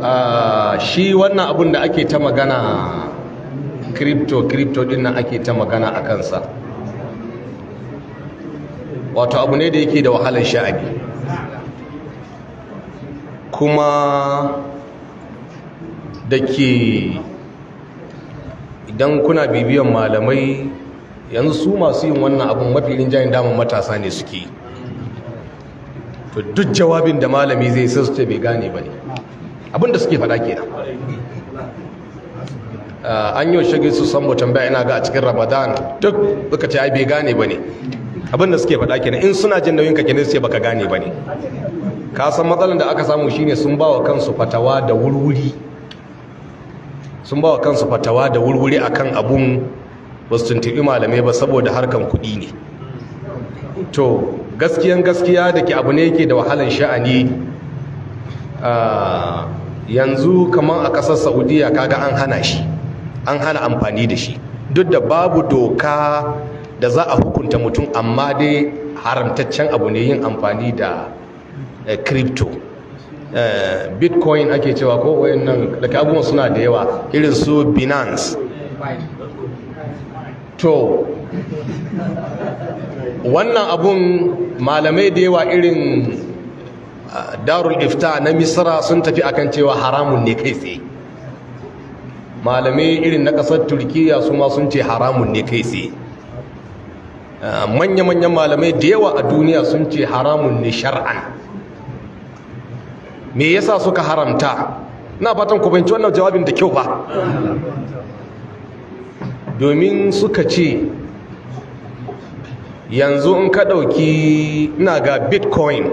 Ah, shi wannan abun da ake ta magana crypto crypto din nan ake ta magana a kansa wato abu ne da yake da wahalar sha'ani kuma da ke idan kuna bibiyan malamai yanzu su masu yin wannan abun mafi rinjayen damar matasa ne suke yi to duk jawabin da malami zai sun su ce bai gane ba ne abinda suke fada kenan ah, an yi shagin su san mutum bai ina ga a cikin ramadan duk suka ce ai bai gane ba ne abinda suke fada kenan in suna jin nauyin ka kenan su ce baka gane ba ne ka san matsalar da aka samu shine sun ba wa kansu fatawa da wurwuri sun ba wa kansu fatawa da wurwuri akan abun ba su tuntuɓi malamai ba saboda harkan kuɗi ne to gaskiyan gaskiya da ke abu ne yake da wahalan sha'ani yanzu kamar a ƙasar saudiya kaga an hana shi an hana amfani da shi duk da babu doka da za a hukunta mutum amma dai haramtaccen abu ne yin amfani da eh, crypto eh, bitcoin ake cewa ko wayannan daga abubuwan suna da yawa irin su binance to wannan abun malamai da yawa irin darul ifta na misra sun tafi akan cewa haramun ne kai tsaye malamai irin na kasar turkiya su ma sun ce haramun ne kai tsaye manya-manyan malamai da yawa a duniya sun ce haramun ne shar'an me yasa suka haramta na fatan ku wannan jawabin da kyau ba domin suka ce yanzu in ka ɗauki ina ga bitcoin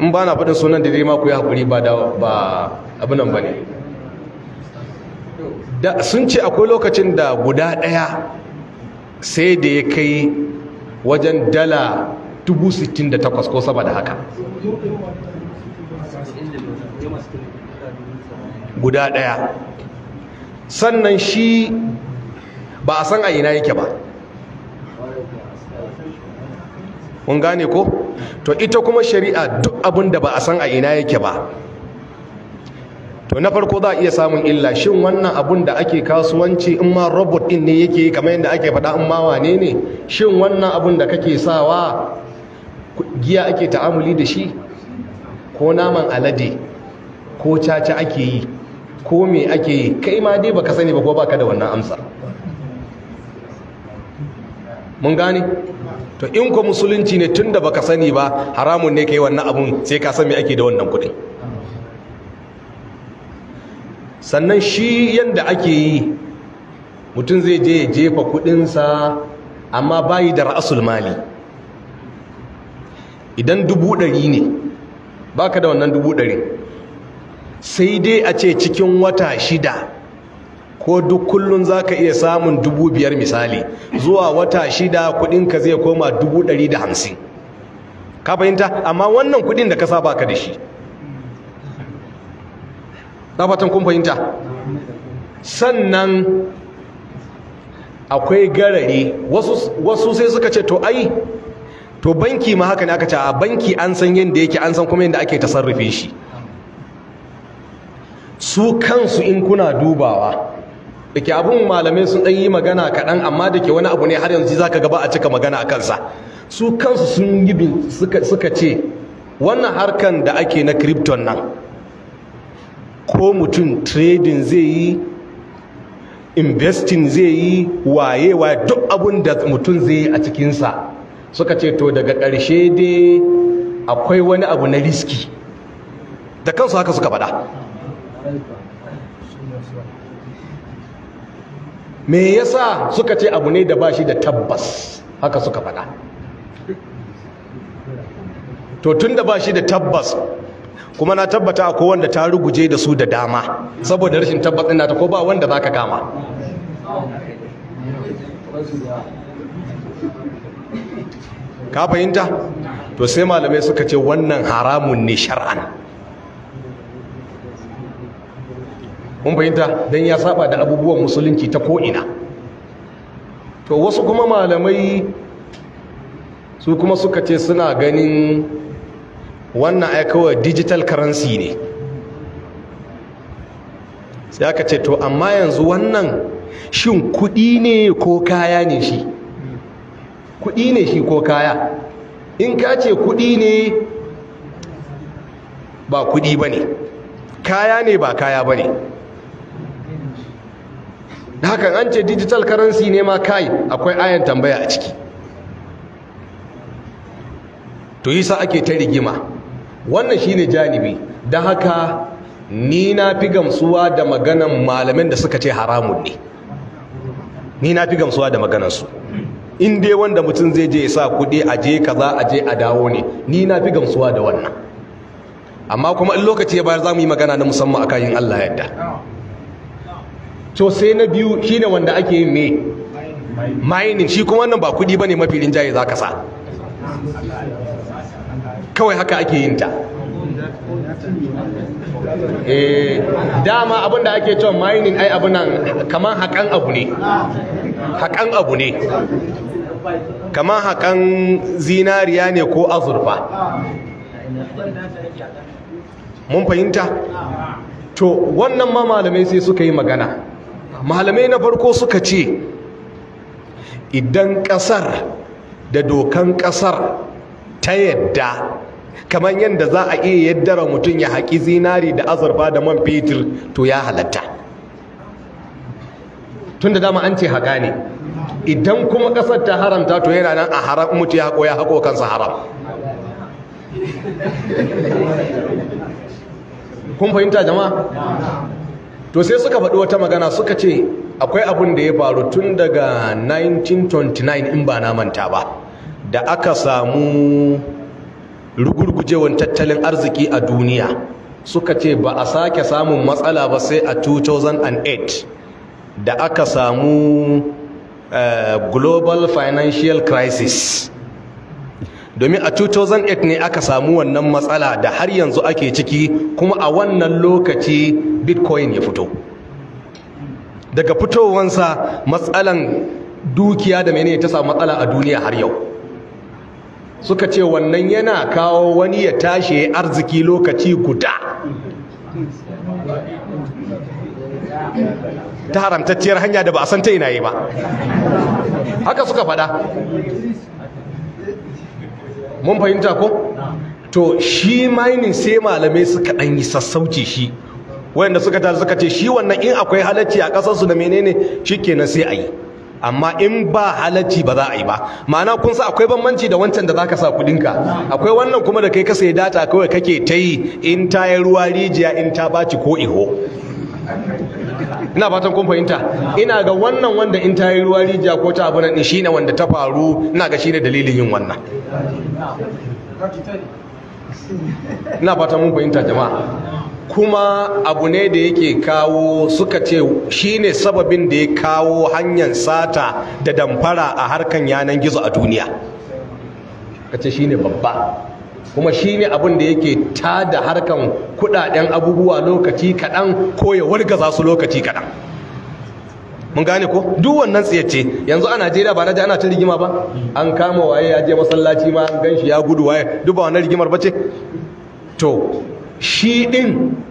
in ba na faɗin sunan da ma ku yi haƙuri ba da abinan ba ne sun ce akwai lokacin da guda ɗaya sai da ya kai wajen dala 68,000 ko saba da haka guda ɗaya sannan shi ba a san a ina yake ba kun gane ko to ita kuma shari'a duk abin da ba a san a ina yake ba to na farko za a iya samun illa shin wannan abun da ake kasuwanci in ma robot din ne yake kamar yadda ake faɗa in ma wane ne shin wannan abun da kake sawa giya ake ta'amuli da shi ko naman alade ko caca ake yi ko me ake yi kai ma dai baka sani ba ko baka da wannan amsa mun gane to in ko musulunci ne tunda baka sani ba haramun ne ka yi wannan abun sai ka san me ake da wannan kuɗi. sannan shi yadda ake yi mutum zai je ya jefa kuɗinsa amma bayi da ra'asul mali idan dubu ɗari ne baka da wannan dubu ɗari sai dai a ce cikin wata shida ko duk kullun za ka iya samun dubu biyar misali zuwa wata shida kudinka zai koma dubu ɗari da hamsin ka fahimta amma wannan kudin da ka saba ka da shi na kun fahimta sannan akwai garare wasu sai suka ce to ai to banki ma haka ne aka ce a banki an san yadda yake an san kuma yadda ake tasarrufin shi su kansu in kuna dubawa da ke abin malamai sun yi magana kaɗan amma dake wani abu ne har yanzu za ka gaba a cika magana a kansa su kansu sun yi suka ce wannan harkan da ake na krypton nan ko mutum trading zai yi investing zai yi waye waye duk abin da mutum zai yi a cikinsa suka ce to daga ƙarshe dai akwai wani abu na riski da kansu haka suka faɗa me yasa suka ce abu ne da ba shi da tabbas haka suka faɗa to tun da ba shi da tabbas kuma na tabbata ko wanda ta ruguje da su da dama saboda rashin tabbas ina ta ko ba wanda za ka gama. ka fahimta to sai malamai suka ce wannan haramun ne shar'an mun fahimta don ya saba da abubuwan musulunci ta ko'ina to wasu kuma malamai su kuma suka ce suna ganin wannan aikawa digital currency ne sai aka ce to amma yanzu wannan shin kudi ne ko kaya ne shi kudi ne shi ko kaya in ka ce kudi ne ba kudi ba kaya ne ba kaya ba ne da haka an ce digital currency ne ma kai akwai ayan tambaya a ciki to sa ake ta rigima wannan shine janibi da haka ni na fi gamsuwa da maganan malamin da suka ce haramun ne ni na fi gamsuwa da maganansu in dai wanda mutum zai je ya sa kuɗi a je kaza a je a dawo ne ni na fi gamsuwa da wannan amma kuma in lokaci ya bayar za mu yi magana na musamman a kayan Allah yadda to sai na biyu shine wanda ake yin me mining shi kuma wannan ba kudi bane mafi rinjaye zaka sa kawai haka ake yin ta eh dama abinda ake cewa mining ai nan kaman hakan abu ne hakan abu ne kaman hakan zinariya ne ko azurfa mun fahimta to wannan ma malamai sai suka yi magana malamai na farko suka ce idan ƙasar da dokan ƙasar ta yadda kamar yadda za a iya yaddara mutum ya haƙi zinari da azurfa da man fetur to ya halatta tun da dama an ce haƙa ne idan kuma ƙasar ta haramta to yana nan a haram mutu ya haƙo ya haƙo kansa haram kun fahimta jama'a to sai suka faɗi wata magana suka ce akwai abin da ya faru tun daga 1929 in ba na manta ba da aka samu rugurgujewan tattalin arziki a duniya suka ce ba a sake samun matsala ba sai a 2008 da aka samu eh, global financial crisis domin a 2008 ne aka samu wannan matsala da har yanzu ake ciki kuma a wannan lokaci bitcoin ya fito daga fitowansa matsalan dukiya da menene ta samu matsala a duniya har yau suka ce wannan yana kawo wani ya tashi arziki lokaci guda ta haramtacciyar hanya da ba a san ta ina yi ba haka suka faɗa. mun fahimta ko to shi mining sai malamai suka dan yi sassauci shi wayanda suka tare suka ce shi wannan in akwai halacci a kasar su da menene shikenan sai ayi. yi amma in ba halacci ba za a yi ba ma'ana kun sa akwai bambanci da wancan da zaka sa kudinka akwai wannan kuma da kai ka sai data kawai kake ta yi in ta yi ruwa rijiya in ta baci ko iho ina fatan kun fahimta ina ga wannan wanda in ta yi ruwa rijiya ko ta abu nan shine wanda ta faru ina ga shi shine dalilin yin wannan ina fata mun fahimta jama'a kuma abu ne da yake kawo suka ce shine sababin da ya kawo hanyar sata da damfara a harkan yanan gizo a duniya kace shine babba kuma shine abin da yake tada harkan kudaden abubuwa lokaci kaɗan ko ya wargaza su lokaci kaɗan mun gane ko duk wannan tsiyace yanzu a Najeriya ba ji ana ta rigima ba an kama waye ya je masallaci ma an gan shi ya gudu waye duk ba wannan rigimar bace to shi din